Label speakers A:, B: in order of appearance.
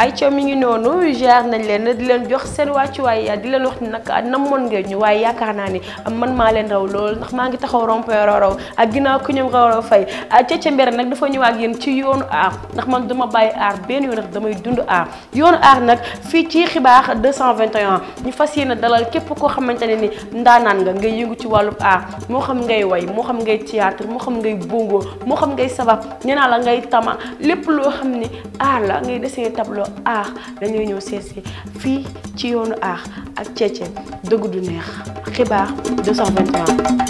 A: ay ca mi ngi noonu jaar nañ leen di leen jox seen wàccuwaay di leen wax ni nag namoon ngeen ñu waaye yaakaar naa ni man maa leen raw loolu ndax maa ngi taxaw rond-point raw ak ginnaaw ku ñoom raw raw fay ah, ca ca mbere nag dafa ñëwaat yéen ci yoonu aar ndax man dama bàyyi aar benn yoon ndax damay dund aar yoonu aar nag fii ci xibaar 221 ñu fas yéene dalal képp koo xamante ne ni ndaanaan nga ngay yëngu ci wàllu aar moo xam ngay way moo xam ngay théâtre moo xam ngay bongo moo xam ngay sabab nee naa la ngay lépp loo xam ni aar la ngay dessiner ah dañuy ñëw seet fi fii ci yoonu ah de